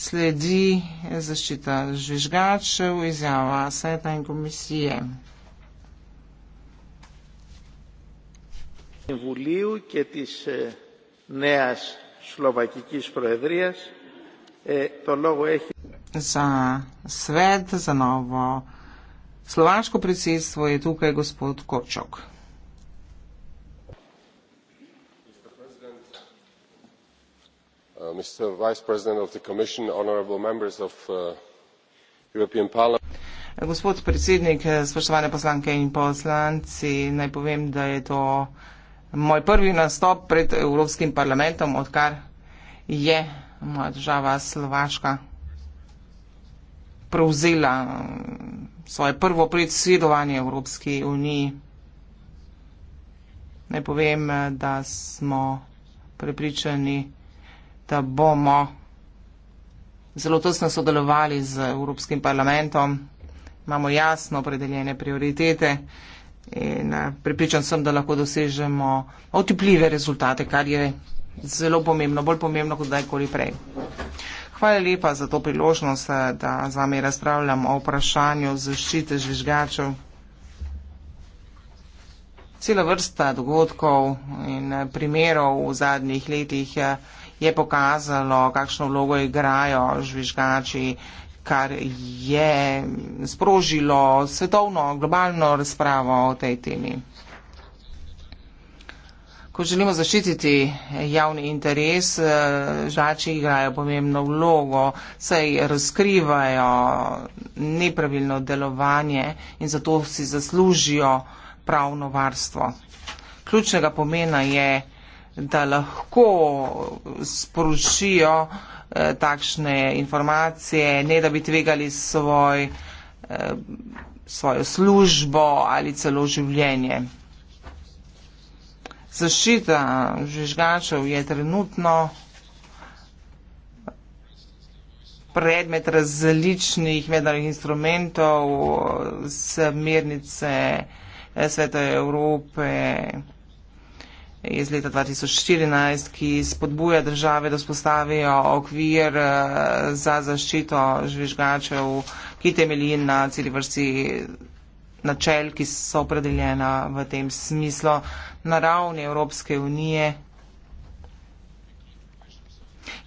Sledi zaščita žvižgačev, izjava sveta in komisije. Vulijo, ki je tis neas slovakijskih proedrijas, to logo je. Za svet, za novo slovaško predsedstvo je tukaj gospod Kočok. Uh, mr vice president of the commission honourable members of uh, european parliament Gospod predsednik, eh, spoštovane poslanke in poslanci, naj povem, da je to moj prvi nastop pred Evropskim parlamentom, odkar je moja država Slovaška prevzela mm, svoje prvo predsedovanje Evropski uniji. Naj povem, eh, da smo prepričani, da bomo zelo tesno sodelovali z Evropskim parlamentom, imamo jasno opredeljene prioritete in eh, pripričan sem, da lahko dosežemo otipljive rezultate, kar je zelo pomembno, bolj pomembno kot dajkoli prej. Hvala lepa za to priložnost, eh, da z vami razpravljam o vprašanju zaščite žvižgačev. Cela vrsta dogodkov in eh, primerov v zadnjih letih je je pokazalo, kakšno vlogo igrajo žvižgači, kar je sprožilo svetovno, globalno razpravo o tej temi. Ko želimo zaščititi javni interes, eh, žači igrajo pomembno vlogo, saj razkrivajo nepravilno delovanje in zato si zaslužijo pravno varstvo. Ključnega pomena je, da lahko sporočijo eh, takšne informacije, ne da bi tvegali svoj, eh, svojo službo ali celo življenje. Zaščita žvižgačev je trenutno predmet različnih mednarodnih instrumentov, eh, smernice Sveta Evrope iz leta 2014, ki spodbuja države, da spostavijo okvir eh, za zaščito žvižgačev, ki temelji na celi vrsti načel, ki so opredeljena v tem smislu na ravni Evropske unije.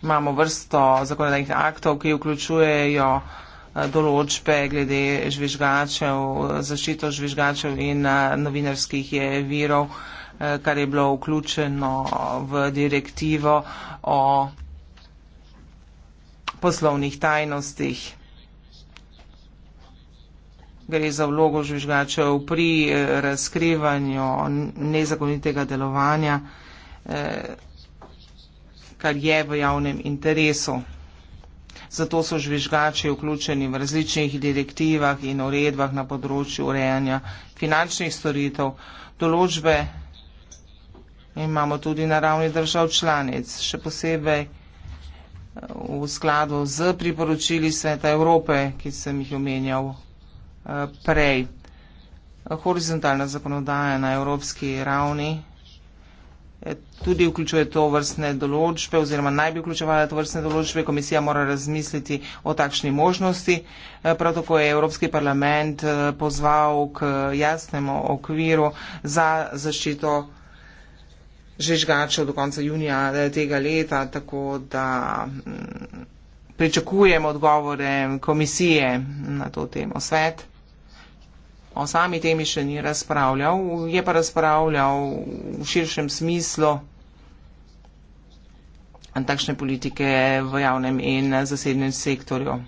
Imamo vrsto zakonodajnih aktov, ki vključujejo eh, določbe glede žvižgačev, eh, zaščito žvižgačev in novinarskih virov. Eh, kar je bilo vključeno v direktivo o poslovnih tajnostih. Gre za vlogo žvižgačev pri eh, razkrivanju nezakonitega delovanja, eh, kar je v javnem interesu. Zato so žvižgači vključeni v različnih direktivah in uredbah na področju urejanja finančnih storitev. Določbe imamo tudi na ravni držav članic, še posebej eh, v skladu z priporočili Sveta Evrope, ki sem jih omenjal eh, prej. Horizontalna zakonodaja na evropski ravni eh, tudi vključuje to vrstne določbe oziroma naj bi vključevala to vrstne določbe. Komisija mora razmisliti o takšni možnosti. Prav tako je Evropski parlament pozval k jasnemu okviru za zaščito žvižgačev do konca junija eh, tega leta, tako da mm, pričakujem odgovore komisije na to temo. Svet o sami temi še ni razpravljal, je pa razpravljal v širšem smislu takšne politike v javnem in zasebnem sektorju.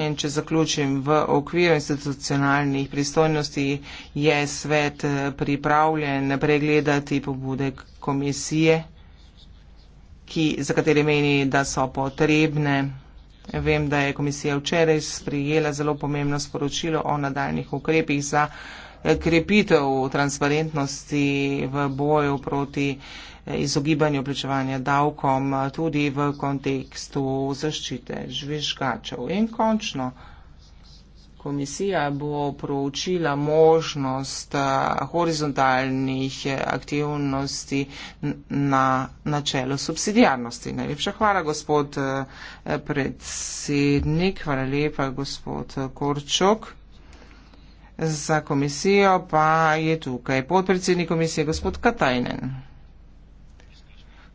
In če zaključim, v okviru institucionalnih pristojnosti je svet eh, pripravljen pregledati pobude komisije, ki, za katere meni, da so potrebne. Vem, da je komisija včeraj sprijela zelo pomembno sporočilo o nadaljnih ukrepih za eh, krepitev transparentnosti v boju proti eh, izogibanju plačevanja davkom, eh, tudi v kontekstu zaščite žvižgačev. In končno, komisija bo proučila možnost eh, horizontalnih eh, aktivnosti na načelo subsidijarnosti. Najlepša hvala, gospod predsednik, hvala lepa, gospod Korčok. Za komisijo pa je tukaj podpredsednik komisije gospod Katajnen.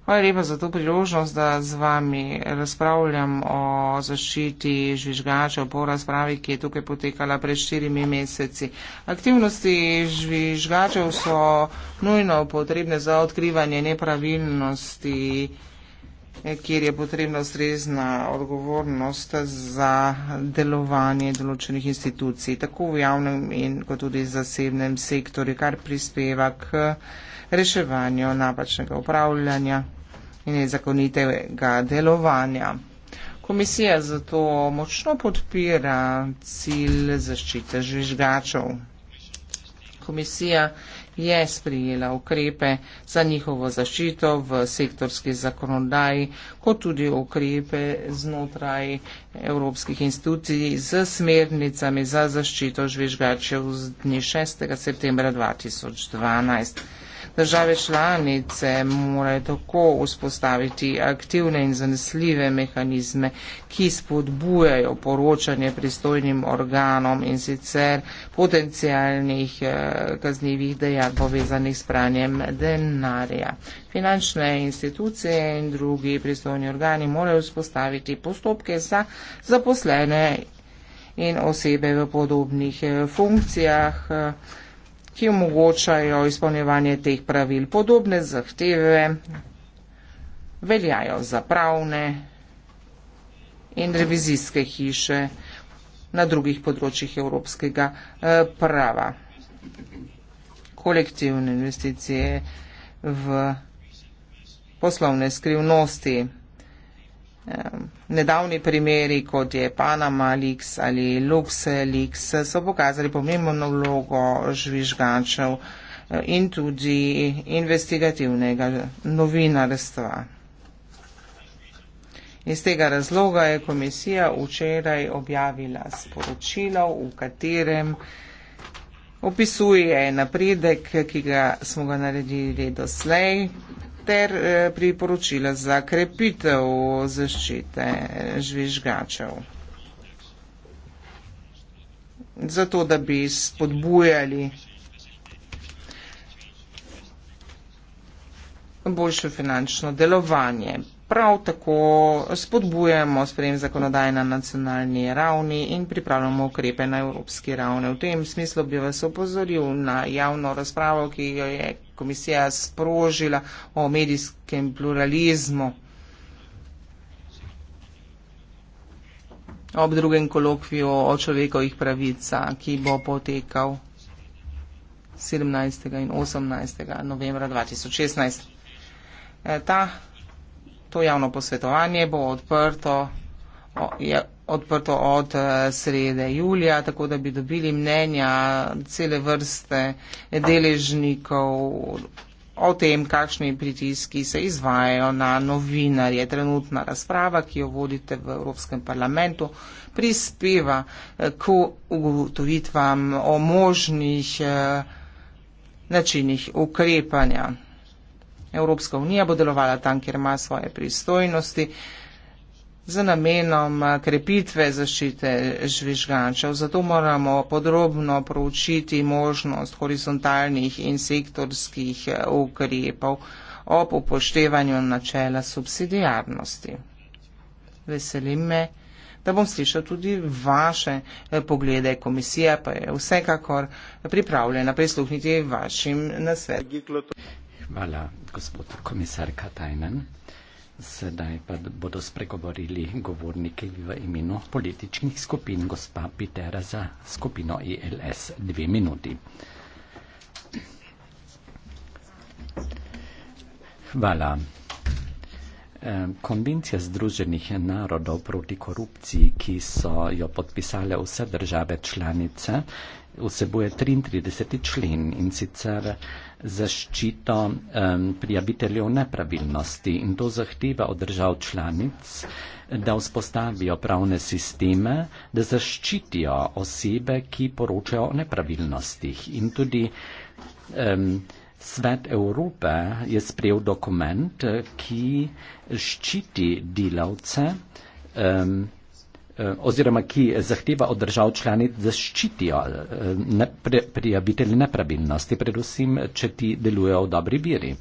Hvala lepa za to priložnost, da z vami razpravljam o zaščiti žvižgačev po razpravi, ki je tukaj potekala pred štirimi meseci. Aktivnosti žvižgačev so nujno potrebne za odkrivanje nepravilnosti, kjer je potrebna ustrezna odgovornost za delovanje določenih institucij, tako v javnem in kot tudi zasebnem sektorju, kar prispeva k reševanju napačnega upravljanja in nezakonitega delovanja. Komisija zato močno podpira cilj zaščite žvižgačev. Komisija je sprijela ukrepe za njihovo zaščito v sektorski zakonodaji, kot tudi ukrepe znotraj evropskih institucij z smernicami za zaščito žvižgačev z dne 6. septembra 2012. Države članice morajo tako vzpostaviti aktivne in zanesljive mehanizme, ki spodbujajo poročanje pristojnim organom in sicer potencijalnih eh, kaznjivih dejanj povezanih s pranjem denarja. Finančne institucije in drugi pristojni organi morajo vzpostaviti postopke za zaposlene in osebe v podobnih eh, funkcijah. Eh, ki omogočajo izpolnjevanje teh pravil. Podobne zahteve veljajo za pravne in revizijske hiše na drugih področjih evropskega eh, prava. Kolektivne investicije v poslovne skrivnosti. Nedavni primeri, kot je Panama Leaks ali LuxLeaks, so pokazali pomembno vlogo žvižgačev eh, in tudi investigativnega novinarstva. Iz tega razloga je komisija včeraj objavila sporočilo, v katerem opisuje napredek, ki ga smo ga naredili doslej, ter eh, priporočila za krepitev zaščite žvižgačev. Zato, da bi spodbujali boljše finančno delovanje. Prav tako spodbujamo sprejem zakonodaje na nacionalni ravni in pripravljamo ukrepe na evropski ravni. V tem smislu bi vas opozoril na javno razpravo, ki jo je komisija sprožila o medijskem pluralizmu. ob drugem kolokviju o človekovih pravica, ki bo potekal 17. in 18. novembra 2016. Eh, ta, to javno posvetovanje bo odprto, o, je, odprto od eh, srede julija, tako da bi dobili mnenja cele vrste deležnikov o tem, kakšni pritiski se izvajajo na novinarje. Trenutna razprava, ki jo vodite v Evropskem parlamentu, prispeva eh, k ugotovitvam o možnih eh, načinih ukrepanja. Evropska unija bo delovala tam, kjer ima svoje pristojnosti z namenom eh, krepitve zaščite žvižgačev. Zato moramo podrobno proučiti možnost horizontalnih in sektorskih eh, ukrepov ob upoštevanju načela subsidijarnosti. Veselim me, da bom slišal tudi vaše eh, poglede. Komisija pa je vsekakor pripravljena prisluhniti vašim nasvetom. Hvala, gospod komisar Katajnen. Sedaj pa bodo spregovorili govorniki v imenu političnih skupin, gospa Pitera za skupino ILS. E dve minuti. Hvala. E, konvencija Združenih narodov proti korupciji, ki so jo podpisale vse države članice, vsebuje 33. člen in sicer zaščito um, prijaviteljev nepravilnosti in to zahteva od držav članic, da vzpostavijo pravne sisteme, da zaščitijo osebe, ki poročajo o nepravilnostih. In tudi um, Svet Evrope je sprejel dokument, ki ščiti delavce. Um, oziroma ki zahteva od držav članic, da ščitijo nepre, prijavitelje nepravilnosti, predvsem, če ti delujejo v dobri veri.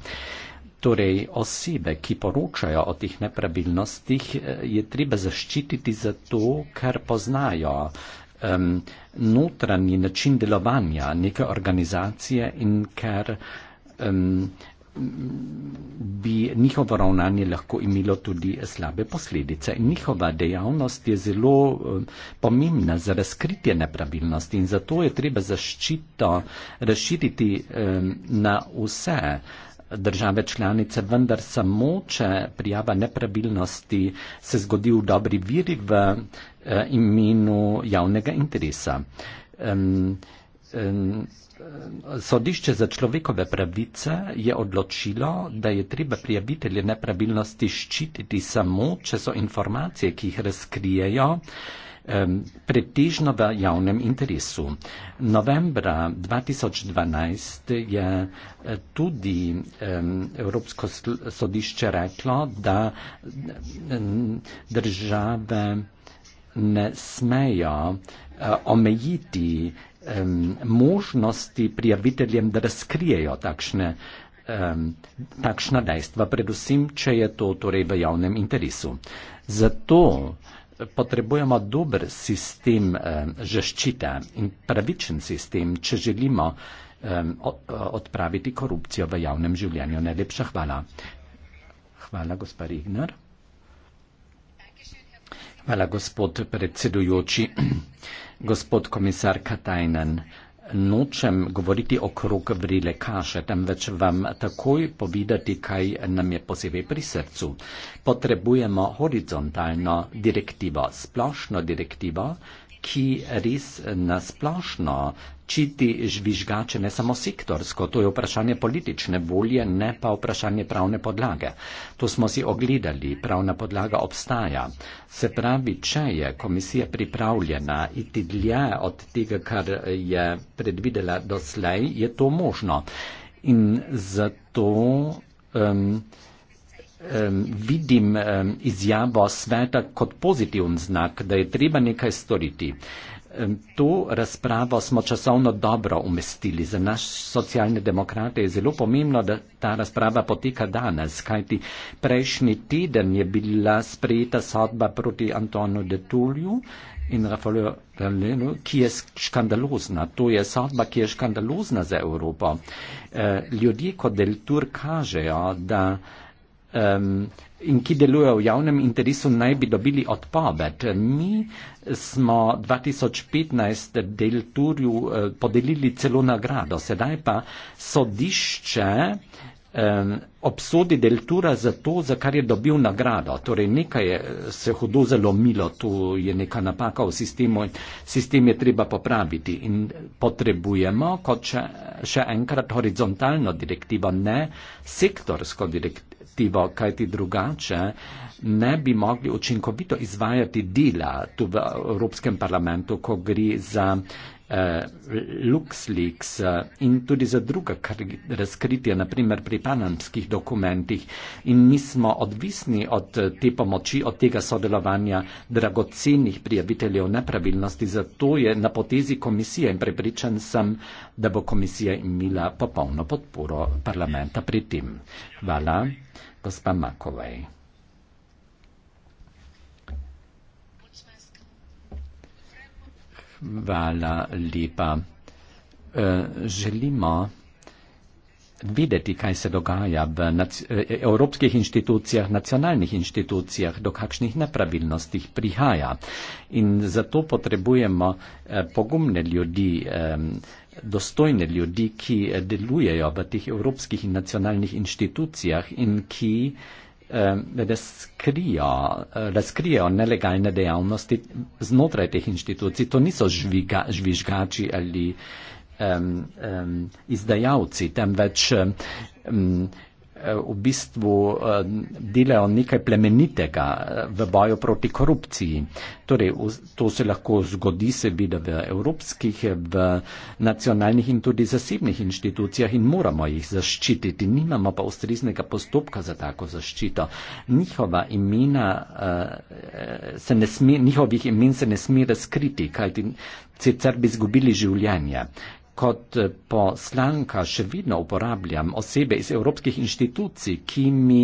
Torej, osebe, ki poročajo o teh nepravilnostih, je treba zaščititi zato, ker poznajo um, notranji način delovanja neke organizacije in ker um, bi njihovo ravnanje lahko imelo tudi slabe posledice. Njihova dejavnost je zelo eh, pomembna za razkritje nepravilnosti in zato je treba zaščito razširiti eh, na vse države članice, vendar samo, če prijava nepravilnosti se zgodi v dobri viri v eh, imenu javnega interesa. Sodišče za človekove pravice je odločilo, da je treba prijavitelje nepravilnosti ščititi samo, če so informacije, ki jih razkrijejo, pretežno v javnem interesu. Novembra 2012 je eh, tudi Evropsko sodišče reklo, da države ne smejo eh, omejiti um, možnosti prijaviteljem, da razkrijejo takšne, um, takšna dejstva, predvsem, če je to torej v javnem interesu. Zato potrebujemo dober sistem um, žaščite in pravičen sistem, če želimo um, odpraviti korupcijo v javnem življenju. Najlepša hvala. Hvala, gospod Rigner. Hvala, gospod predsedujoči gospod komisar Katajnen. Nočem govoriti o krog vrile kaše, temveč vam takoj povedati, kaj nam je posebej pri srcu. Potrebujemo horizontalno direktivo, splošno direktivo, ki res nasplošno ščiti žvižgače ne samo sektorsko, to je vprašanje politične volje, ne pa vprašanje pravne podlage. To smo si ogledali, pravna podlaga obstaja. Se pravi, če je komisija pripravljena iti dlje od tega, kar je predvidela doslej, je to možno. In zato um, um, vidim um, izjavo sveta kot pozitiven znak, da je treba nekaj storiti. Um, To razpravo smo časovno dobro umestili. Za naš socialne demokrate je zelo pomembno, da ta razprava poteka danes, kajti prejšnji teden je bila sprejeta sodba proti Antonu de Tulju in Rafaelu Dalenu, ki je škandalozna. To je sodba, ki je škandalozna za Evropo. Eh, ljudje kot del tur kažejo, da um, in ki delujejo v javnem interesu, naj bi dobili odpoved. Mi smo 2015 del Turju uh, podelili celo nagrado, sedaj pa sodišče obsodi deltura za to, za kar je dobil nagrado. Torej nekaj je eh, se hudo zelo milo, tu je neka napaka v sistemu in sistem je treba popraviti. In potrebujemo, kot še, še enkrat, horizontalno direktivo, ne sektorsko direktivo perspektivo, kajti drugače ne bi mogli učinkovito izvajati dela tu v Evropskem parlamentu, ko gre za eh, LuxLeaks eh, in tudi za druga razkritja, naprimer pri panamskih dokumentih. In mi smo odvisni od eh, te pomoči, od tega sodelovanja dragocenih prijaviteljev nepravilnosti. Zato je na potezi komisije in prepričan sem, da bo komisija imela popolno podporo parlamenta pri tem. Hvala gospa Makovej. Hvala lepa. Eh, želimo videti, kaj se dogaja v eh, evropskih inštitucijah, nacionalnih inštitucijah, do kakšnih nepravilnosti prihaja. In zato potrebujemo eh, pogumne ljudi, dostojne ljudi, ki eh, delujejo v teh evropskih in nacionalnih inštitucijah in ki eh, eh, razkrijejo nelegalne dejavnosti znotraj teh inštitucij. To niso žviga, žvižgači ali um, um, izdajalci, temveč um, Eh, v bistvu eh, delajo nekaj plemenitega eh, v boju proti korupciji. Torej, to se lahko zgodi seveda v evropskih, v nacionalnih in tudi zasebnih inštitucijah in moramo jih zaščititi. Nimamo pa ustreznega postopka za tako zaščito. Njihova imena se ne sme, njihovih imen se ne sme razkriti, kajti sicer bi izgubili življenje. Kot eh, poslanka še vedno uporabljam osebe iz evropskih inštitucij, ki mi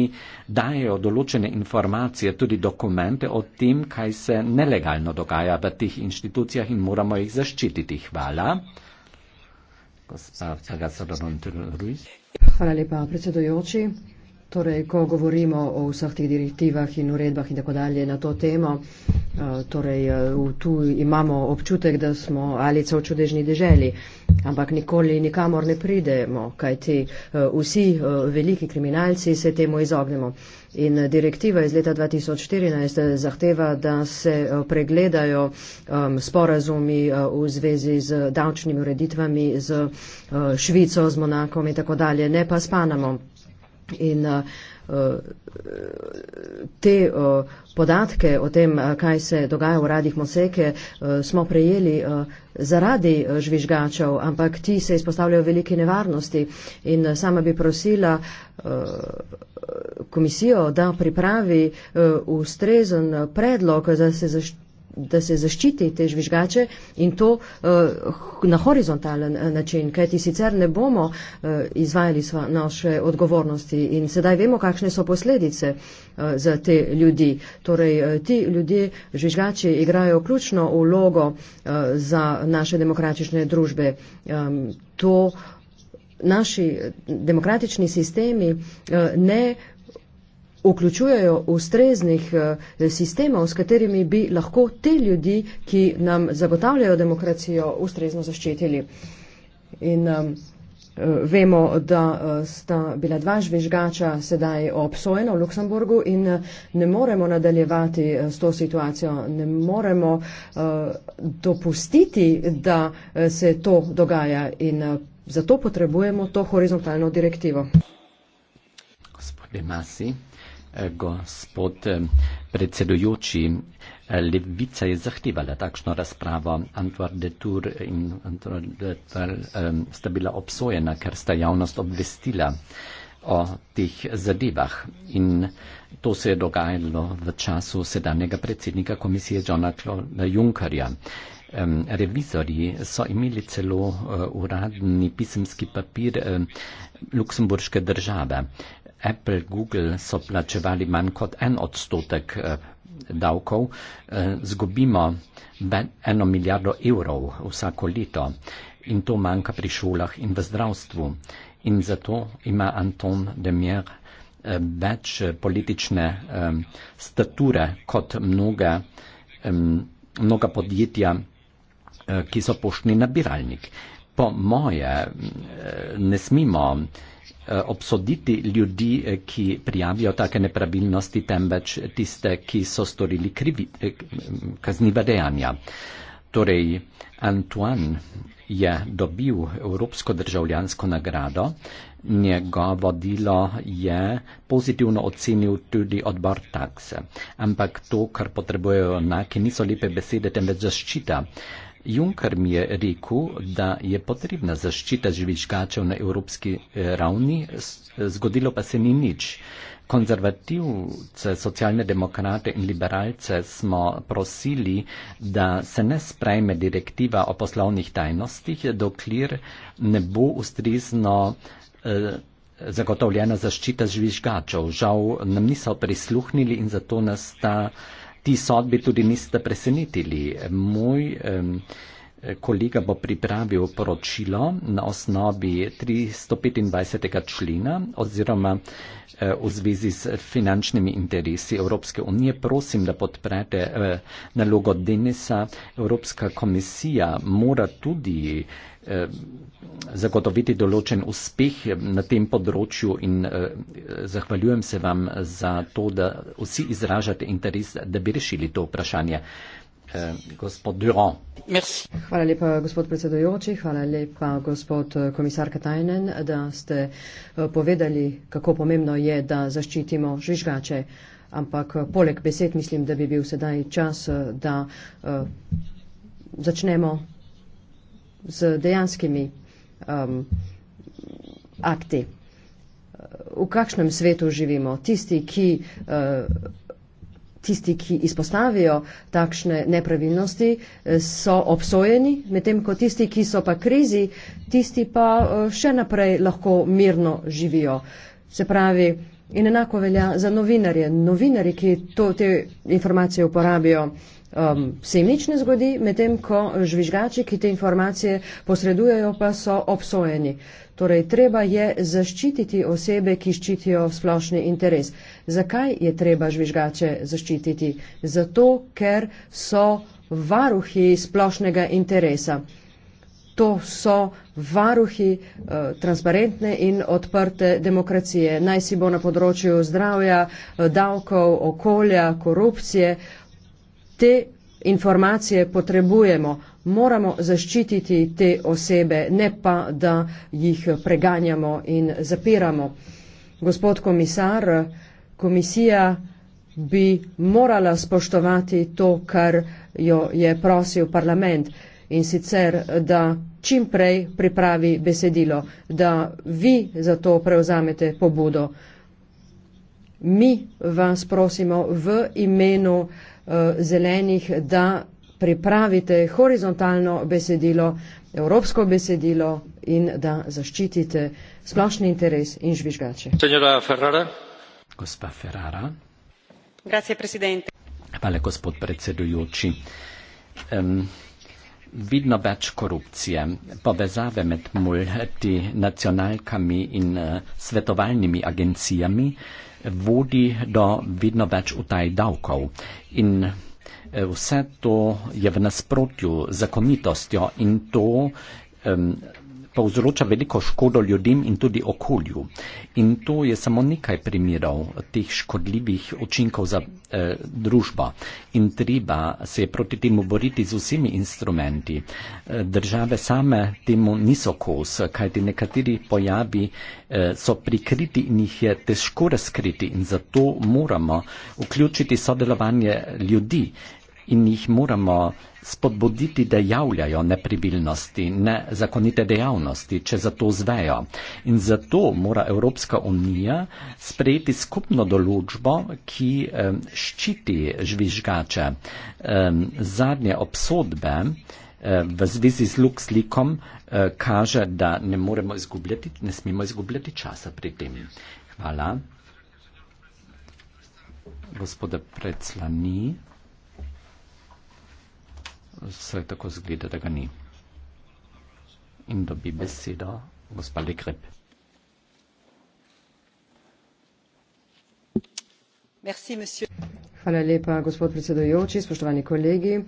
dajo določene informacije, tudi dokumente o tem, kaj se nelegalno dogaja v teh inštitucijah in moramo jih zaščititi. Hvala. Gospa Hvala lepa, predsedujoči. Torej, ko govorimo o vseh teh direktivah in uredbah in tako dalje na to temo, eh, torej, eh, tu imamo občutek, da smo alice v čudežni deželi, ampak nikoli nikamor ne pridemo, kajti eh, vsi veliki kriminalci se temu izognemo. In direktiva iz leta 2014 zahteva, da se pregledajo um, sporazumi uh, v zvezi z davčnimi ureditvami, z uh, Švico, z Monakom in tako dalje, ne pa s Panamom. In uh, te uh, podatke o tem, uh, kaj se dogaja v radih Moseke, smo prejeli zaradi žvižgačev, ampak ti se izpostavljajo veliki nevarnosti. In sama bi prosila komisijo, da pripravi ustrezen predlog, da se zaščiti da se zaščiti te žvižgače in to eh, na horizontalen eh, način, kajti sicer ne bomo eh, izvajali naše odgovornosti in sedaj vemo, kakšne so posledice za te ljudi. Torej, ti ljudje, žvižgači, igrajo ključno vlogo za naše demokratične družbe. To naši demokratični sistemi ne vključujejo ustreznih eh, sistemov, s katerimi bi lahko te ljudi, ki nam zagotavljajo demokracijo, ustrezno zaščitili. In eh, eh, vemo, da sta bila dva žvižgača sedaj obsojena v Luksemburgu in ne moremo nadaljevati s to situacijo, ne moremo dopustiti, da se to dogaja in zato potrebujemo to horizontalno direktivo. Gospod Masi gospod eh, predsedujoči. Eh, Levica je zahtevala takšno razpravo. Antwar de Tour in Antwar de Tour um, sta bila obsojena, ker sta javnost obvestila o teh zadevah. In to se je dogajalo v času sedanjega predsednika komisije Johna Claude Junckerja. Um, revizori so imeli celo uh, uradni pisemski papir uh, Luksemburške države. Apple, Google so plačevali manj kot en odstotek eh, davkov, eh, zgubimo eno milijardo evrov vsako leto in to manjka pri šolah in v zdravstvu. In zato ima Anton Demir eh, več politične stature kot mnoga, mnoga podjetja, ki so poštni nabiralnik. Po moje ne smemo Eh, obsoditi ljudi, eh, ki prijavijo take nepravilnosti, temveč tiste, ki so storili krivi, eh, kazniva dejanja. Torej, Antoine je dobil Evropsko državljansko nagrado, njegovo delo je pozitivno ocenil tudi odbor takse. Ampak to, kar potrebujejo enake, niso lepe besede, temveč zaščita. Junker mi je rekel, da je potrebna zaščita žvižgačev na evropski eh, ravni, zgodilo pa se ni nič. Konzervativce, socialne demokrate in liberalce smo prosili, da se ne sprejme direktiva o poslovnih tajnostih, dokler ne bo ustrezno eh, zagotovljena zaščita žvižgačev. Žal nam niso prisluhnili in zato nas ta. Eh, ti sodbi tudi niste presenetili. Moj um, Kolega bo pripravil poročilo na osnovi 325. člena oziroma eh, v zvezi s finančnimi interesi Evropske unije. Prosim, da podprete eh, nalogo Denisa. Evropska komisija mora tudi eh, zagotoviti določen uspeh na tem področju in zahvaljujem se vam za to, da vsi izražate interes, da bi rešili to vprašanje. Eh, gospod Durand. Merci. Hvala lepa, gospod predsedojoči, hvala lepa, gospod eh, komisar Katajnen, da ste eh, povedali, kako pomembno je, da zaščitimo žvižgače. Ampak poleg besed mislim, da bi bil sedaj čas, da začnemo z dejanskimi um, akti. V kakšnem svetu živimo? Tisti, ki. Uh, tisti, ki izpostavijo takšne nepravilnosti, eh, so obsojeni, medtem ko tisti, ki so pa krizi, tisti pa eh, še naprej lahko mirno živijo. Se pravi, in enako velja za novinarje. Novinari, ki to, te informacije uporabijo, um, se jim nič ne zgodi, medtem ko žvižgači, ki te informacije posredujejo, pa so obsojeni. Torej, treba je zaščititi osebe, ki ščitijo splošni interes. Zakaj je treba žvižgače zaščititi? Zato, ker so varuhi splošnega interesa. To so varuhi uh, transparentne in odprte demokracije, najsi bo na področju zdravja, uh, davkov, okolja, korupcije, uh, te informacije potrebujemo. Moramo zaščititi te osebe, ne pa, da jih preganjamo in zapiramo. Gospod komisar, komisija bi morala spoštovati to, kar jo je prosil parlament in sicer, da čim prej pripravi besedilo, da vi za to prevzamete pobudo. Mi vas prosimo v imenu uh, Eh, zelenih, da pripravite horizontalno besedilo, evropsko besedilo in da zaščitite splošni interes in žvižgače. Hvala, gospod predsedujoči. Um, vidno več korupcije, povezave med multinacionalkami in uh, svetovalnimi agencijami, uh, vodi do vedno več utaj davkov. In eh, vse to je v nasprotju z zakonitostjo in to um, povzroča veliko škodo ljudem in tudi okolju. In to je samo nekaj primerov teh škodljivih učinkov za eh, družbo. In treba se je proti temu boriti z vsemi instrumenti. Eh, države same temu niso kos, kajti nekateri pojavi eh, so prikriti in jih je težko razkriti. In zato moramo vključiti sodelovanje ljudi in jih moramo spodbuditi, da javljajo nepribilnosti, nezakonite dejavnosti, če za to zvejo. In zato mora Evropska unija sprejeti skupno določbo, ki ščiti žvižgače. Zadnje obsodbe v zvezi z LuxLeakom e, kaže, da ne, ne smemo izgubljati časa pri tem. Hvala. Gospoda Preclani se tako zgleda, da ga ni. In dobi besedo gospa Lekrep. Hvala lepa, gospod predsedujoči, spoštovani kolegi.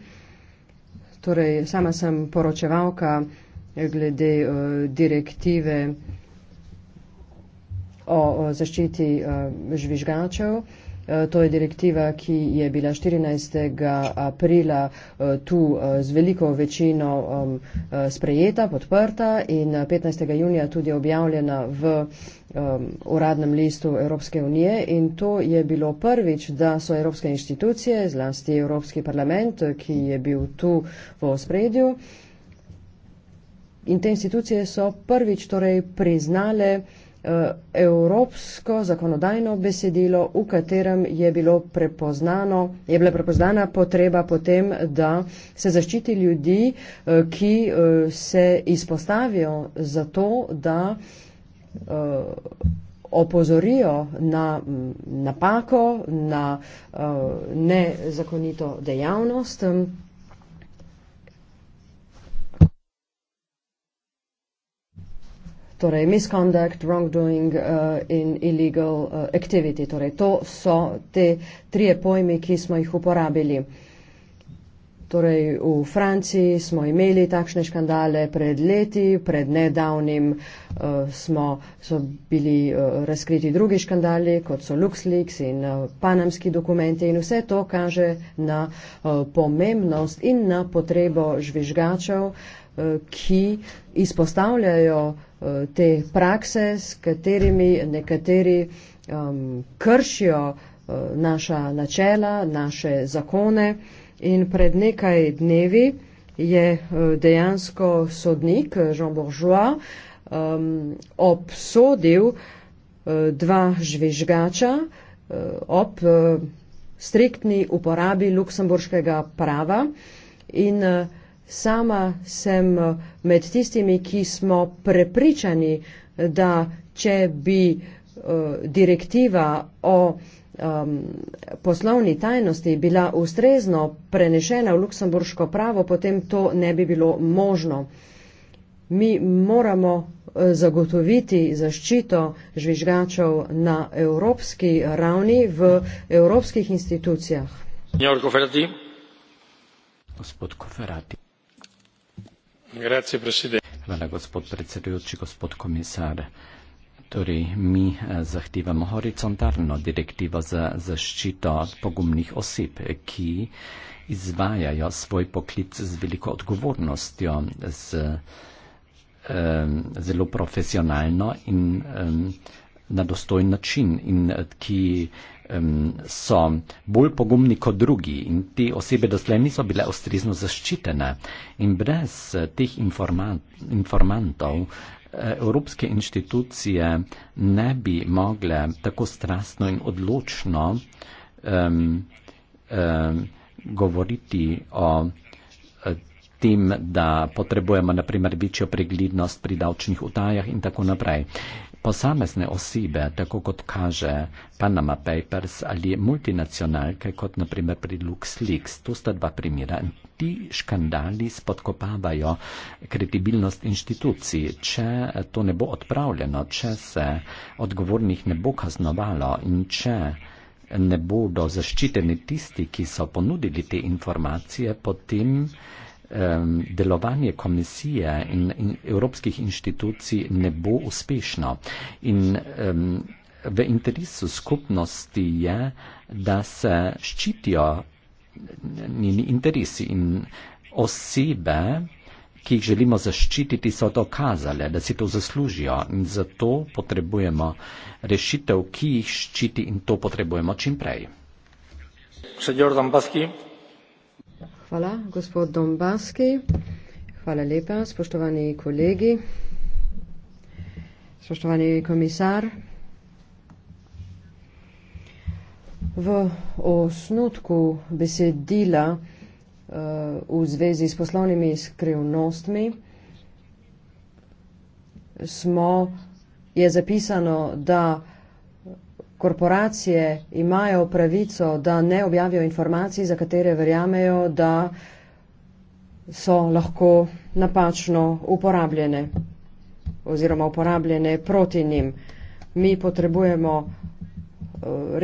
Torej, sama sem poročevalka glede eh, direktive o zaščiti eh, žvižgačev. Eh, to je direktiva, ki je bila 14. aprila eh, tu eh, z veliko večino um, sprejeta, podprta in 15. junija tudi objavljena v um, uradnem listu Evropske unije in to je bilo prvič, da so evropske inštitucije, zlasti Evropski parlament, ki je bil tu v ospredju, in te institucije so prvič torej priznale, Eh, evropsko zakonodajno besedilo, v katerem je, je bila prepoznana potreba potem, da se zaščiti ljudi, eh, ki eh, se izpostavijo za to, da opozorijo na napako, na nezakonito dejavnost. torej misconduct, wrongdoing uh, in illegal uh, activity. Torej, to so te trije pojmi, ki smo jih uporabili. Torej, v Franciji smo imeli takšne škandale pred leti, pred nedavnim uh, smo, so bili uh, razkriti drugi škandali, kot so LuxLeaks in uh, panamski dokumenti in vse to kaže na uh, pomembnost in na potrebo žvižgačev, uh, ki izpostavljajo uh, Eh, te prakse, s katerimi nekateri um, kršijo uh, naša načela, naše zakone. In pred nekaj dnevi je uh, dejansko sodnik Jean Bourgeois um, obsodil uh, dva žvižgača uh, ob uh, striktni uporabi luksemburškega prava in uh, Sama sem eh, med tistimi, ki smo prepričani, da če bi eh, direktiva o um, poslovni tajnosti bila ustrezno prenešena v luksemburško pravo, potem to ne bi bilo možno. Mi moramo eh, zagotoviti zaščito žvižgačev na evropski ravni v evropskih institucijah. Gospod Koferati gospod predsedujoči, gospod komisar. Torej, mi eh, zahtevamo horizontalno direktivo za zaščito pogumnih oseb, ki izvajajo svoj poklic z veliko odgovornostjo, z, um, zelo profesionalno in um, na dostojen način in eh, ki um, so bolj pogumni kot drugi in te osebe doslej niso bile ustrezno zaščitene. In brez eh, teh informant, informantov eh, evropske inštitucije ne bi mogle tako strastno in odločno um, um, govoriti o eh, tem, da potrebujemo naprimer večjo preglednost pri davčnih utajah in tako naprej. Posamezne osebe, tako kot kaže Panama Papers ali multinacionalke, kot naprimer pri LuxLeaks, to sta dva primera. Ti škandali spodkopavajo kredibilnost inštitucij. Če to ne bo odpravljeno, če se odgovornih ne bo kaznovalo in če ne bodo zaščiteni tisti, ki so ponudili te informacije, potem um, delovanje komisije in, in evropskih inštitucij ne bo uspešno. In, um, v interesu skupnosti je, da se ščitijo njeni interesi in osebe, ki jih želimo zaščititi, so dokazale, da si to zaslužijo in zato potrebujemo rešitev, ki jih ščiti in to potrebujemo čimprej. Gospod Dombaski. Hvala, gospod Dombaski. Hvala lepa, spoštovani kolegi, spoštovani komisar. V osnutku besedila eh, v zvezi s poslovnimi skrivnostmi smo, je zapisano, da vsega, korporacije imajo pravico, da ne objavijo informacij, za katere verjamejo, da so lahko napačno uporabljene oziroma uporabljene proti njim. Mi potrebujemo eh,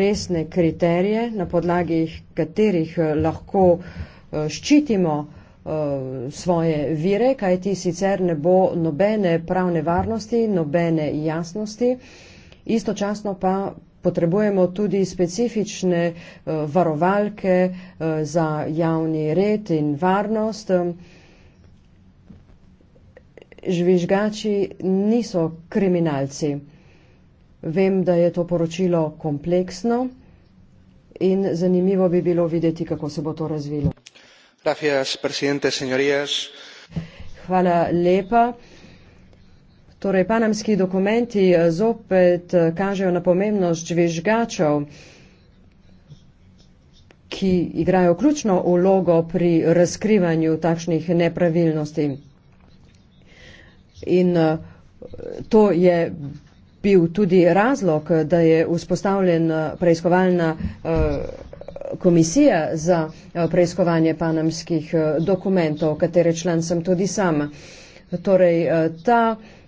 resne kriterije, na podlagi katerih eh, lahko eh, ščitimo svoje vire, kaj ti sicer ne bo nobene pravne varnosti, nobene jasnosti, istočasno pa potrebujemo tudi specifične eh, varovalke eh, za javni red in varnost. Žvižgači niso kriminalci. Vem, da je to poročilo kompleksno in zanimivo bi bilo videti, kako se bo to razvilo. Gracias, Hvala lepa. Torej, panamski dokumenti eh, zopet eh, kažejo na pomembnost žvižgačev, ki igrajo ključno ulogo pri razkrivanju takšnih nepravilnosti. In eh, to je bil tudi razlog, da je vzpostavljen preiskovalna komisija za preiskovanje panamskih dokumentov, katere član sem tudi sam. Torej, ta komisija,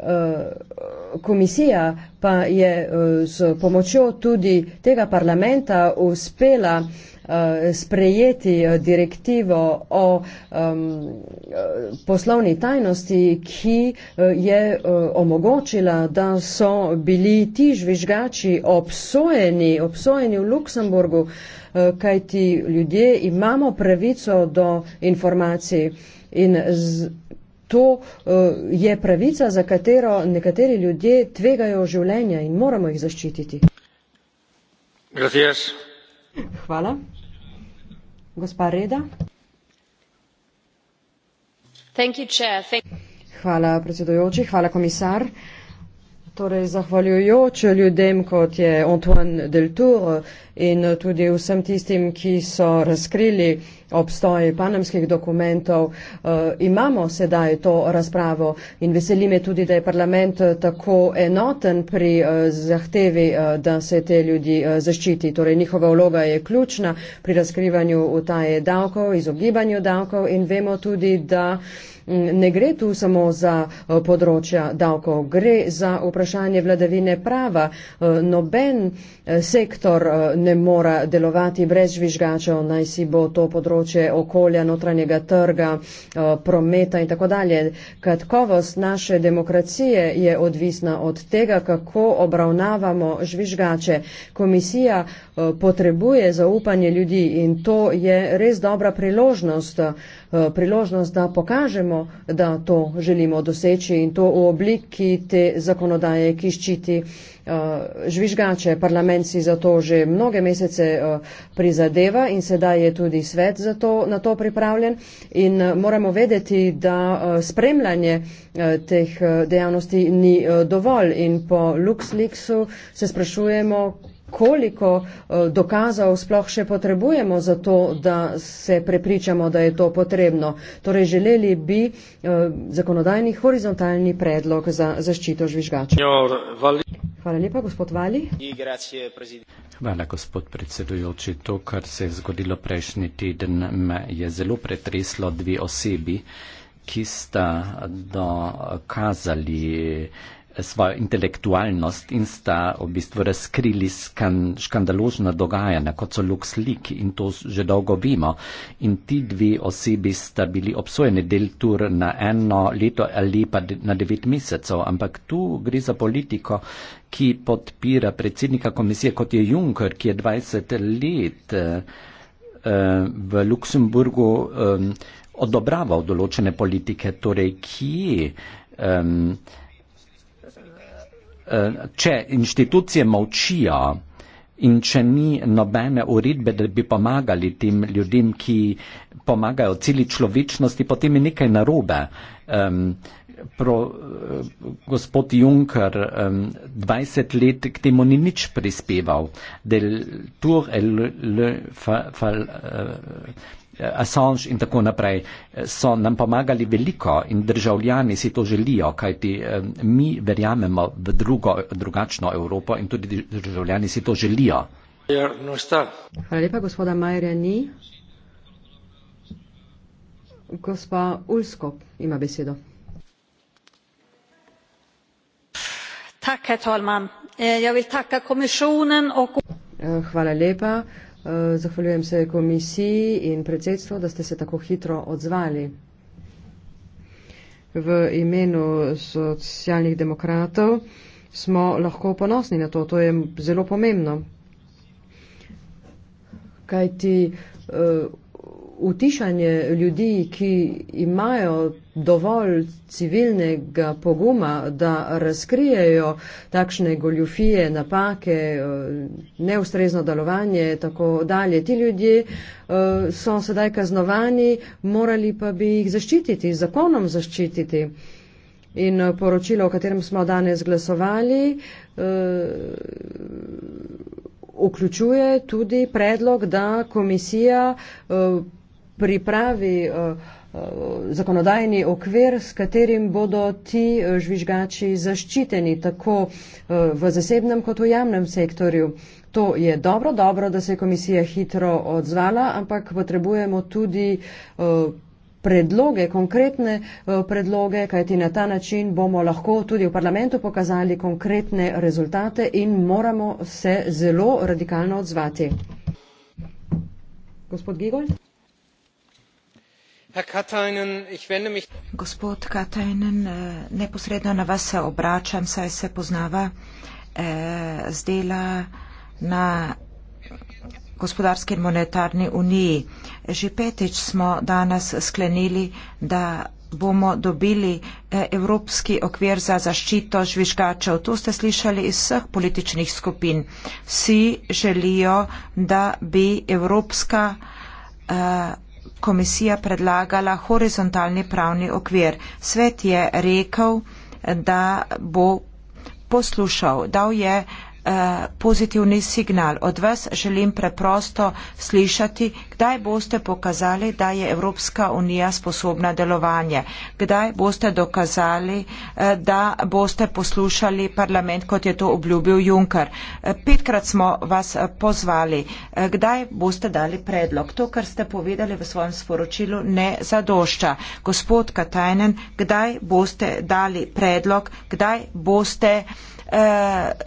uh, komisija pa je uh, s pomočjo tudi tega parlamenta uspela eh, sprejeti direktivo o um, poslovni tajnosti, ki je omogočila, da so bili ti žvižgači obsojeni, obsojeni v Luksemburgu, kajti ljudje imamo pravico do informacij in z, to uh, je pravica, za katero nekateri ljudje tvegajo življenja in moramo jih zaščititi. Gracias. Hvala. Gospa Reda. Thank you, chair. Thank hvala predsedujoči, hvala komisar. Uh, Torej, zahvaljujoč ljudem, kot je Antoine Deltour eh, in eh, tudi vsem tistim, ki so razkrili obstoj panamskih dokumentov, eh, imamo sedaj to razpravo in veseli me tudi, da je parlament tako enoten pri zahtevi, da se te ljudi zaščiti. Torej, njihova vloga je ključna pri razkrivanju utaje davkov, izogibanju davkov in vemo tudi, da ne gre tu samo za eh, področja davkov, gre za vprašanje vladavine prava. Eh, noben eh, sektor ne mora delovati brez žvižgačev, naj si bo to področje okolja, notranjega trga, prometa in tako dalje. Kratkovost naše demokracije je odvisna od tega, kako obravnavamo žvižgače. Komisija potrebuje zaupanje ljudi in to je res dobra priložnost Eh, priložnost, da pokažemo, da to želimo doseči in to v obliki te zakonodaje, ki ščiti eh, žvižgače. Parlament si za to že mnoge mesece eh, prizadeva in sedaj je tudi svet to, na to pripravljen in moramo vedeti, da spremljanje teh dejavnosti ni dovolj in po LuxLeaksu se sprašujemo, koliko eh, dokazov sploh še potrebujemo za to, da se prepričamo, da je to potrebno. Torej, želeli bi eh, zakonodajni horizontalni predlog za zaščito žvižgača. Hvala lepa, gospod Vali. Hvala, gospod predsedujoči. To, kar se je zgodilo prejšnji teden, me je zelo pretreslo dve osebi, ki sta dokazali, svojo intelektualnost in sta v bistvu razkrili skan, škandalozna dogajanja, kot so Lux Leak in to že dolgo vemo. In ti dve osebi sta bili obsojeni del tur na eno leto ali pa na devet mesecev, ampak tu gre za politiko, ki podpira predsednika komisije, kot je Juncker, ki je 20 let eh, v Luksemburgu um, odobraval določene politike, torej ki um, eh, Eh, če inštitucije močijo in če ni nobene uredbe, da bi pomagali tem ljudem, ki pomagajo celi človečnosti, potem je nekaj narobe. Um, pro, eh, gospod Juncker um, 20 let k temu ni nič prispeval. Del tour, el, le, fa, fa, uh, eh, Eh, Assange in tako naprej, eh, so nam pomagali veliko in državljani si to želijo, kajti eh, mi verjamemo v drugo, drugačno Evropo in tudi državljani si to želijo. No hvala lepa, gospoda Majerja ni. Gospa Ulsko ima besedo. Tak, Hvala lepa. Zahvaljujem se komisiji in predsedstvu, da ste se tako hitro odzvali. V imenu socialnih demokratov smo lahko ponosni na to. To je zelo pomembno. Kaj ti uh, eh, utišanje ljudi, ki imajo dovolj civilnega poguma, da razkrijejo takšne goljufije, napake, eh, neustrezno delovanje in tako dalje. Ti ljudje eh, so sedaj kaznovani, morali pa bi jih zaščititi, zakonom zaščititi. In eh, poročilo, o katerem smo danes glasovali, vključuje tudi predlog, da komisija pripravi eh, eh, zakonodajni okvir, s katerim bodo ti eh, žvižgači zaščiteni tako v zasebnem kot v javnem sektorju. To je dobro, dobro, da se je komisija hitro odzvala, ampak potrebujemo tudi predloge, konkretne predloge, kajti na ta način bomo lahko tudi v parlamentu pokazali konkretne rezultate in moramo se zelo radikalno odzvati. Gospod Gigolj? gospod katainen eh, neposredno na vas se obračam saj se poznava eh, z dela na gospodarski in monetarni uniji že petič smo danes sklenili da bomo dobili eh, evropski okvir za zaščito žvižgačev. To ste slišali iz vseh političnih skupin. Vsi želijo, da bi evropska komisija predlagala horizontalni pravni okvir. Svet je rekel, da bo poslušal, dal je eh, pozitivni signal. Od vas želim preprosto slišati, Kdaj boste pokazali, da je Evropska unija sposobna delovanje? Kdaj boste dokazali, eh, da boste poslušali parlament, kot je to obljubil Juncker? Eh, petkrat smo vas eh, pozvali. Kdaj boste dali predlog? To, kar ste povedali v svojem sporočilu, ne zadošča. Gospod Katajnen, kdaj boste dali predlog? Kdaj boste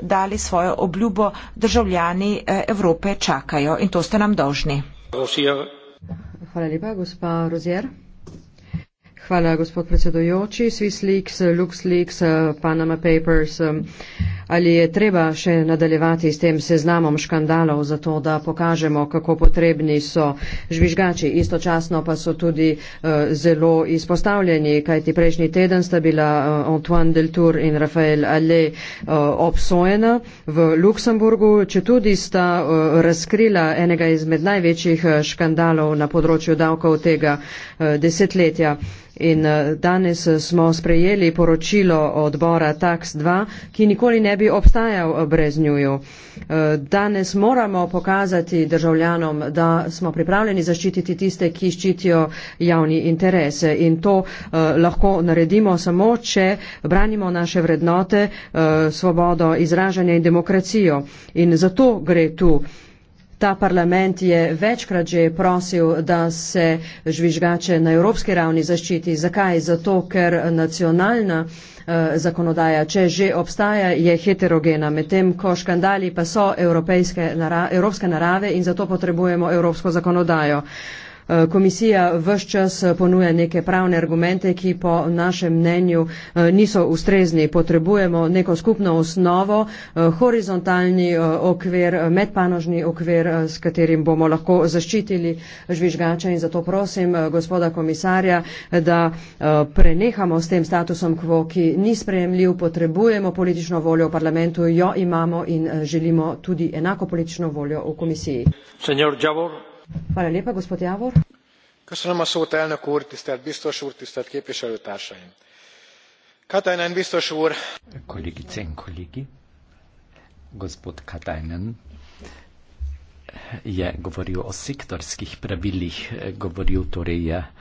dali svojo obljubo, državljani Evrope čakajo in to ste nam dolžni. Hvala lepa, gospa Rozier. Hvala, gospod predsedojoči. SwissLeaks, LuxLeaks, Panama Papers. Um, Ali je treba še nadaljevati s tem seznamom škandalov, zato da pokažemo, kako potrebni so žvižgači, istočasno pa so tudi uh, zelo izpostavljeni, kajti prejšnji teden sta bila uh, Antoine Deltour in Rafael Alle uh, obsojena v Luksemburgu, če tudi sta uh, razkrila enega izmed največjih škandalov na področju davkov tega uh, desetletja. Uh, In eh, danes eh, smo sprejeli poročilo odbora TAX2, ki nikoli ne bi obstajal eh, brez njuju. Danes moramo pokazati državljanom, da smo pripravljeni zaščititi tiste, ki ščitijo javni interes. In to lahko naredimo samo, če branimo naše vrednote, svobodo izražanja in demokracijo. In zato gre tu. Ta parlament je večkrat že prosil, da se žvižgače na evropski ravni zaščiti. Zakaj? Zato, ker nacionalna eh, zakonodaja, če že obstaja, je heterogena, medtem ko škandali pa so nara evropske narave in zato potrebujemo evropsko zakonodajo. Uh, komisija vse čas ponuja neke pravne argumente, ki po našem mnenju eh, niso ustrezni. Potrebujemo neko skupno osnovo, eh, horizontalni eh, okvir, medpanožni okvir, s katerim bomo lahko zaščitili žvižgače in zato prosim gospoda komisarja, da prenehamo s tem statusom quo, ki ni sprejemljiv, potrebujemo politično voljo v parlamentu, jo imamo in želimo tudi enako politično voljo v komisiji. Senor Javor, Hvala lepa, gospod Javor. Köszönöm a szót, elnök úr, tisztelt biztos úr, tisztelt képviselőtársaim. Katainen biztos úr. Kollégi, cén kollégi, gospod Katainen. Je govoril o sektorskih pravilih, govoril, torej je,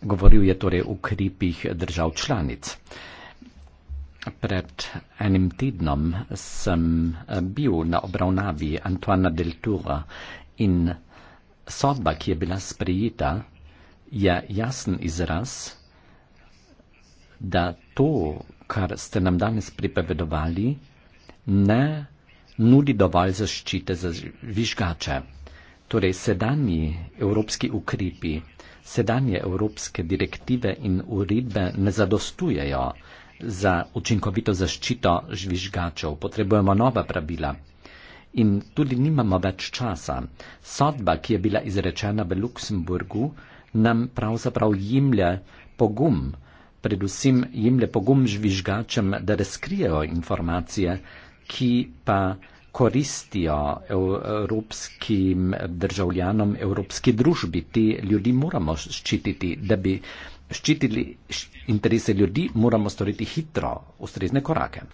govoril je torej o ukrepih držav članic. Pred enim tednom sem bil na obravnavi Antoana Deltura in sodba, ki je bila sprejeta, je jasen izraz, da to, kar ste nam danes pripovedovali, ne nudi dovolj zaščite za žvižgače. Torej, sedanji evropski ukrepi, sedanje evropske direktive in uredbe ne zadostujejo za učinkovito zaščito žvižgačev. Potrebujemo nova pravila in tudi nimamo več časa. Sodba, ki je bila izrečena v Luksemburgu, nam pravzaprav jemlje pogum, predvsem jemlje pogum žvižgačem, da razkrijejo informacije, ki pa koristijo evropskim državljanom, evropski družbi. Ti ljudi moramo ščititi, da bi ščitili interese ljudi, moramo storiti hitro, ustrezne korake.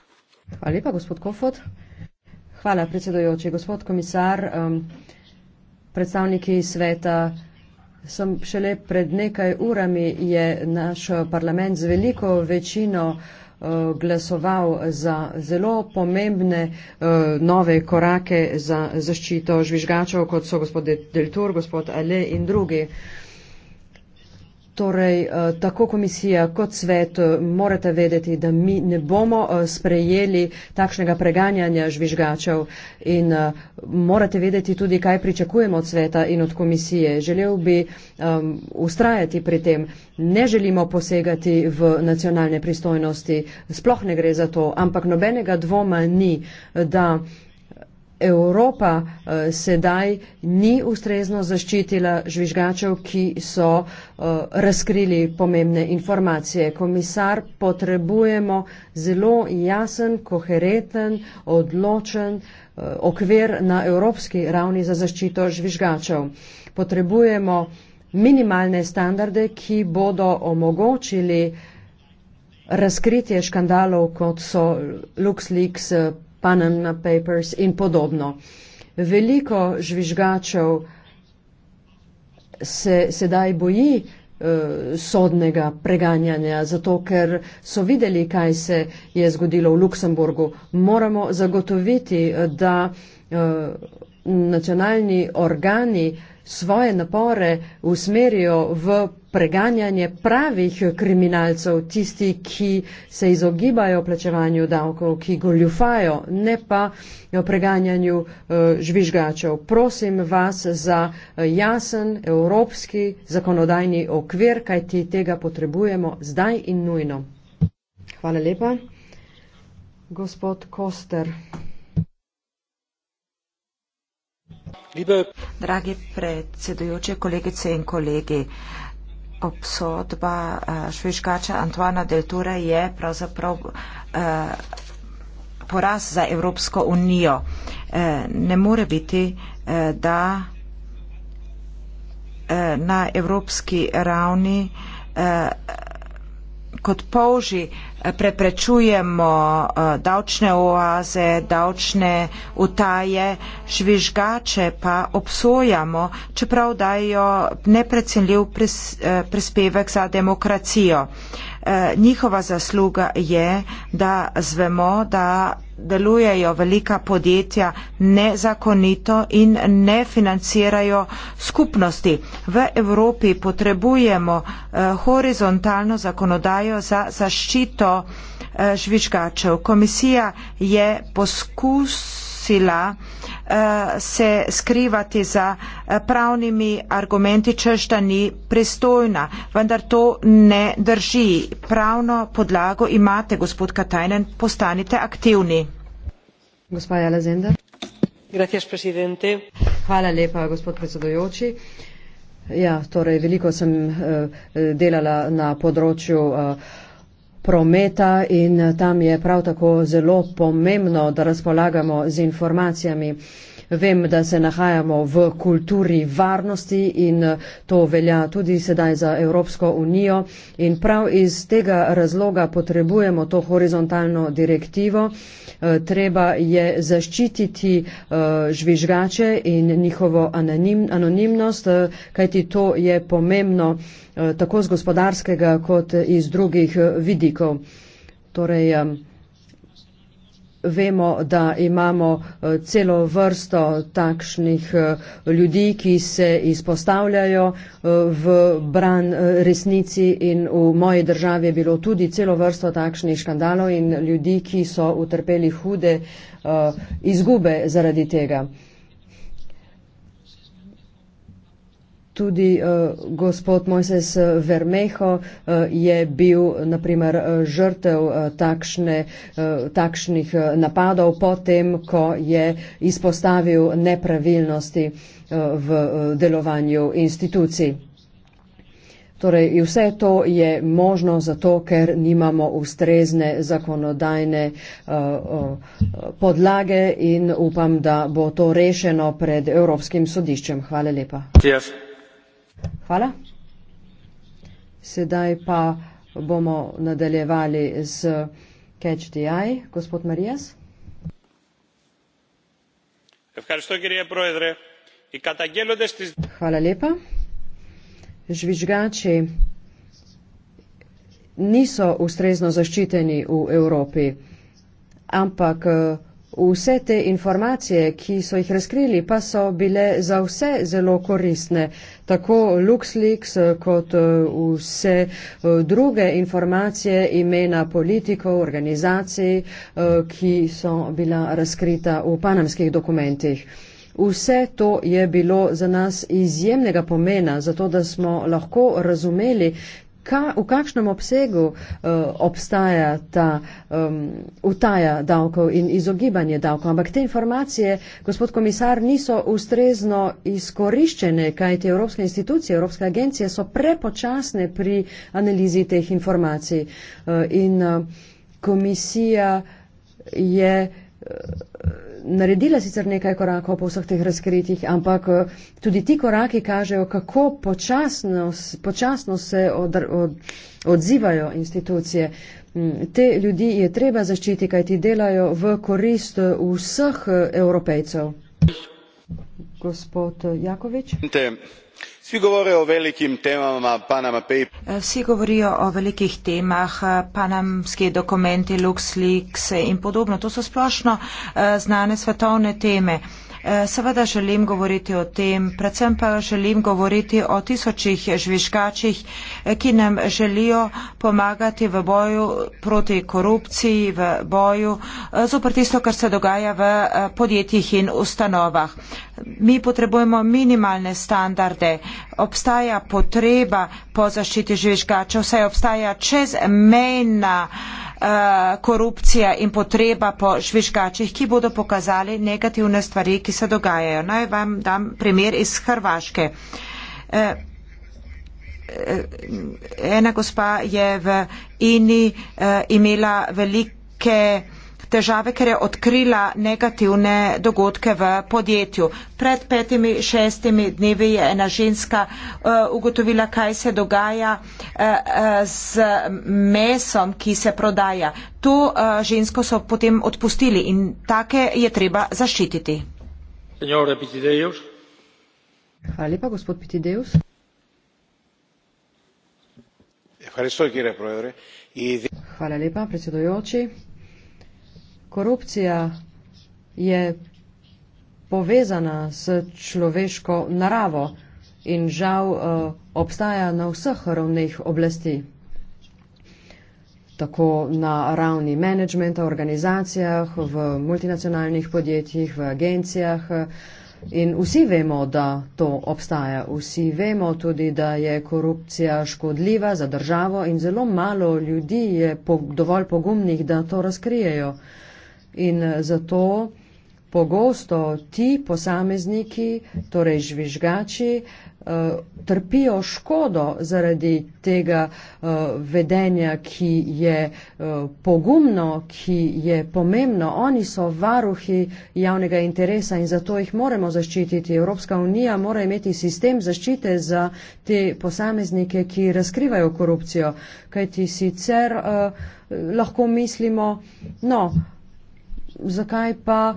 Hvala lepa, gospod Kofod. Hvala, predsedojoči. Gospod komisar, um, predstavniki sveta, sem šele pred nekaj urami je naš parlament z veliko večino uh, glasoval za zelo pomembne uh, nove korake za zaščito žvižgačev, kot so gospod Deltur, gospod Ale in drugi. Uh, Torej, eh, tako komisija kot svet eh, morate vedeti, da mi ne bomo eh, sprejeli takšnega preganjanja žvižgačev in morate vedeti tudi, kaj pričakujemo od sveta in od komisije. Želel bi um, ehm, ustrajati pri tem. Ne želimo posegati v nacionalne pristojnosti, sploh ne gre za to, ampak nobenega dvoma ni, da. Evropa eh, sedaj ni ustrezno zaščitila žvižgačev, ki so eh, razkrili pomembne informacije. Komisar, potrebujemo zelo jasen, koheren, odločen eh, okvir na evropski ravni za zaščito žvižgačev. Potrebujemo minimalne standarde, ki bodo omogočili razkritje škandalov, kot so LuxLeaks, Panama Papers in podobno. Veliko žvižgačev se sedaj boji uh, sodnega preganjanja, zato ker so videli, kaj se je zgodilo v Luksemburgu. Moramo zagotoviti, eh, da uh, nacionalni organi svoje napore usmerijo v preganjanje pravih kriminalcev, tisti, ki se izogibajo plačevanju davkov, ki goljufajo, ne pa preganjanju eh, žvižgačev. Prosim vas za eh, jasen evropski zakonodajni okvir, kajti tega potrebujemo zdaj in nujno. Hvala lepa. Gospod Koster. Dragi predsedujoče, kolegice in kolegi obsodba eh, švečkača Antoana Deltura je pravzaprav eh, poraz za Evropsko unijo. Eh, ne more biti, da na evropski ravni kot polži eh, preprečujemo eh, davčne oaze, davčne utaje, žvižgače pa obsojamo, čeprav dajo neprecenljiv eh, prispevek za demokracijo. Eh, njihova zasluga je, da zvemo, da delujejo velika podjetja nezakonito in ne financirajo skupnosti. V Evropi potrebujemo eh, horizontalno zakonodajo za zaščito eh, žvižgačev. Komisija je poskusila uh, Eh, se skrivati za eh, pravnimi argumenti, čež da ni pristojna. Vendar to ne drži. Pravno podlago imate, gospod Katajnen, postanite aktivni. Gospa Alazender. Hvala lepa, gospod predsedujoči. Ja, torej, veliko sem uh, delala na področju uh, prometa in eh, tam je prav tako zelo pomembno, da razpolagamo z informacijami. Vem, da se nahajamo v kulturi varnosti in eh, to velja tudi sedaj za Evropsko unijo in prav iz tega razloga potrebujemo to horizontalno direktivo. Eh, treba je zaščititi eh, žvižgače in njihovo anonimnost, kajti to je pomembno tako z gospodarskega kot iz drugih vidikov. Torej, vemo, da imamo eh, celo vrsto takšnih eh, ljudi, ki se izpostavljajo eh, v bran resnici in v moji državi je bilo tudi celo vrsto takšnih škandalov in ljudi, ki so utrpeli hude izgube zaradi tega. Tudi uh, gospod Mojses eh, Vermeho uh, eh, je bil naprimer žrtev uh, takšne, uh, takšnih napadov potem, ko je izpostavil nepravilnosti uh, v delovanju institucij. Torej, vse to je možno zato, ker nimamo ustrezne zakonodajne uh, podlage in upam, da bo to rešeno pred Evropskim sodiščem. Hvala lepa. Yes. Hvala. Sedaj pa bomo nadaljevali z Catch the Eye. Gospod Marijas. Hvala lepa. Žvižgači niso ustrezno zaščiteni v Evropi, ampak Vse te informacije, ki so jih razkrili, pa so bile za vse zelo koristne. Tako LuxLeaks eh, kot eh, vse eh, druge informacije, imena politikov, organizacij, ki so bila razkrita v panamskih dokumentih. Vse to je bilo za nas izjemnega pomena, zato da smo lahko razumeli, ka, v kakšnem obsegu uh, obstaja ta um, utaja davkov in izogibanje davkov. Ampak te informacije, gospod komisar, niso ustrezno izkoriščene, kajti evropske institucije, evropske agencije so prepočasne pri analizi teh informacij. Uh, in uh, komisija je. Uh, naredila sicer nekaj korakov po vseh teh razkritjih, ampak eh, tudi ti koraki kažejo, kako počasno, počasno se od, od, odzivajo institucije. Mm, te ljudi je treba zaščiti, kaj ti delajo v korist eh, vseh eh, evropejcev. E, vsi govorijo o velikih temah panama papers vsi govorijo o velikih temah panamski dokumenti luxleaks e, in podobno to so splošno e, znane svetovne teme. Seveda želim govoriti o tem, predvsem pa želim govoriti o tisočih žviškačih, ki nam želijo pomagati v boju proti korupciji, v boju eh, zopr tisto, kar se dogaja v eh, podjetjih in ustanovah. Mi potrebujemo minimalne standarde. Obstaja potreba po zaščiti žviškačev, saj obstaja čezmejna uh, Eh, korupcija in potreba po žvižgačih, ki bodo pokazali negativne stvari, ki se dogajajo. Naj vam dam primer iz Hrvaške. Eh, eh, ena gospa je v Ini imela velike težave, ker je odkrila negativne dogodke v podjetju. Pred petimi, šestimi dnevi je ena ženska uh, ugotovila, kaj se dogaja uh, uh, z mesom, ki se prodaja. To uh, žensko so potem odpustili in take je treba zaščititi. Hvala lepa, gospod Pitideus. Hvala lepa, predsedujoči korupcija je povezana s človeško naravo in žal eh, obstaja na vseh ravneh oblasti. Tako na ravni menedžmenta, organizacijah, v multinacionalnih podjetjih, v agencijah. Eh, in vsi vemo, da to obstaja. Vsi vemo tudi, da je korupcija škodljiva za državo in zelo malo ljudi je po, dovolj pogumnih, da to razkrijejo. Uh, In eh, zato pogosto ti posamezniki, torej žvižgači, eh, trpijo škodo zaradi tega eh, vedenja, ki je pogumno, ki je pomembno. Oni so varuhi javnega interesa in zato jih moramo zaščititi. Evropska unija mora imeti sistem zaščite za te posameznike, ki razkrivajo korupcijo, kajti sicer lahko mislimo, no, zakaj pa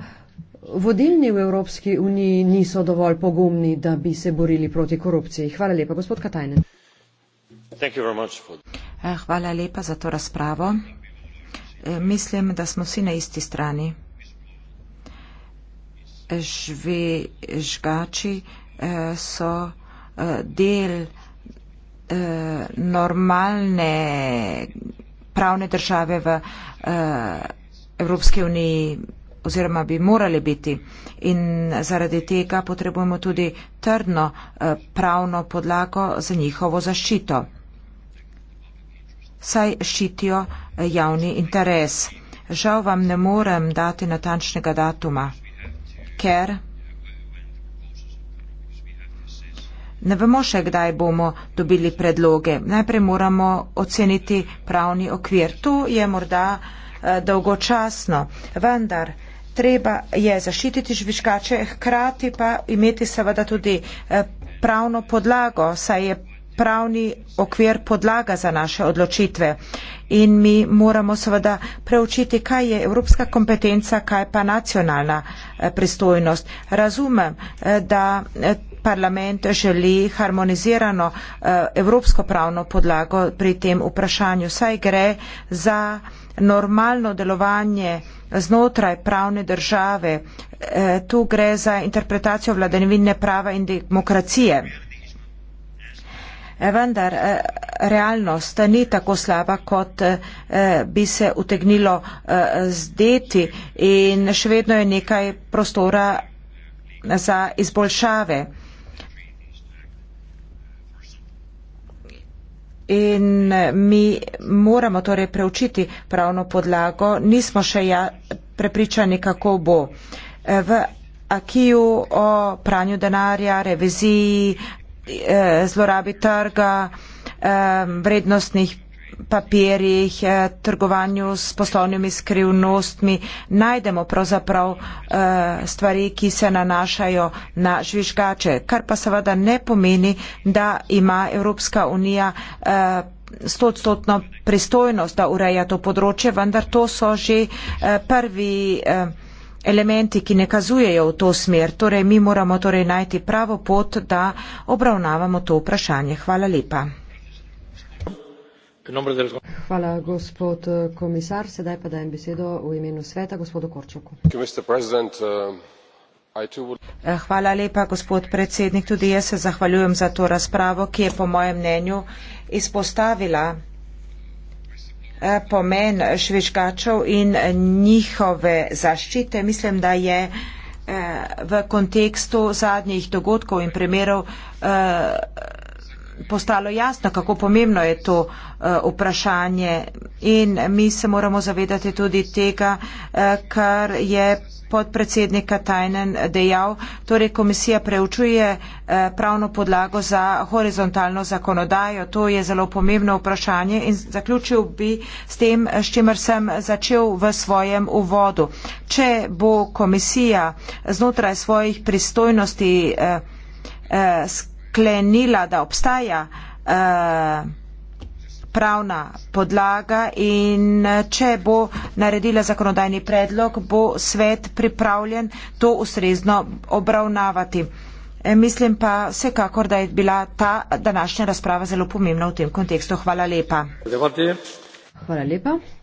vodilni v Evropski uniji niso dovolj pogumni, da bi se borili proti korupciji? Hvala lepa, gospod Katajnen. Eh, hvala lepa za to razpravo. Eh, mislim, da smo vsi na isti strani. Žve, žgači eh, so del normalne pravne države v Evropske unije oziroma bi morale biti. In zaradi tega potrebujemo tudi trdno eh, pravno podlago za njihovo zaščito. Saj ščitijo eh, javni interes. Žal vam ne morem dati natančnega datuma, ker ne vemo še, kdaj bomo dobili predloge. Najprej moramo oceniti pravni okvir. Tu je morda uh, Eh, dolgočasno, vendar treba je zaščititi žvižgače, hkrati pa imeti seveda tudi eh, pravno podlago, saj je pravni okvir podlaga za naše odločitve. In mi moramo seveda preučiti, kaj je evropska kompetenca, kaj pa nacionalna eh, pristojnost. Razumem, da parlament želi harmonizirano evropsko pravno podlago pri tem vprašanju. Saj gre za normalno delovanje znotraj pravne države. Eh, tu gre za interpretacijo vladanevine prava in demokracije. Eh, vendar eh, realnost ni tako slaba, kot bi se utegnilo zdeti in še vedno je nekaj prostora za izboljšave. in eh, mi moramo torej preučiti pravno podlago. Nismo še ja, prepričani, kako bo. Eh, v akiju o pranju denarja, reviziji, eh, zlorabi trga, vrednostnih papirjih, eh, trgovanju s poslovnimi skrivnostmi, najdemo pravzaprav eh, stvari, ki se nanašajo na žvižgače, kar pa seveda ne pomeni, da ima Evropska unija eh, stotstotno pristojnost, da ureja to področje, vendar to so že prvi elementi, ki ne kazujejo v to smer. Torej, mi moramo torej najti pravo pot, da obravnavamo to vprašanje. Hvala lepa. Hvala, gospod eh, komisar. Sedaj pa dajem besedo v imenu sveta gospodu Korčoku. Uh, eh, hvala lepa, gospod predsednik. Tudi jaz se zahvaljujem za to razpravo, ki je po mojem mnenju izpostavila eh, pomen švečgačev in njihove zaščite. Mislim, da je v kontekstu zadnjih dogodkov in primerov postalo jasno, kako pomembno je to eh, vprašanje in mi se moramo zavedati tudi tega, eh, kar je podpredsednika Tajnen dejal, torej komisija preučuje eh, pravno podlago za horizontalno zakonodajo, to je zelo pomembno vprašanje in zaključil bi s tem, s čimer sem začel v svojem uvodu. Če bo komisija znotraj svojih pristojnosti eh, eh, sklenila, da obstaja eh, pravna podlaga in eh, če bo naredila zakonodajni predlog, bo svet pripravljen to ustrezno obravnavati. Eh, mislim pa vsekakor, da je bila ta današnja razprava zelo pomembna v tem kontekstu. Hvala lepa. Hvala lepa.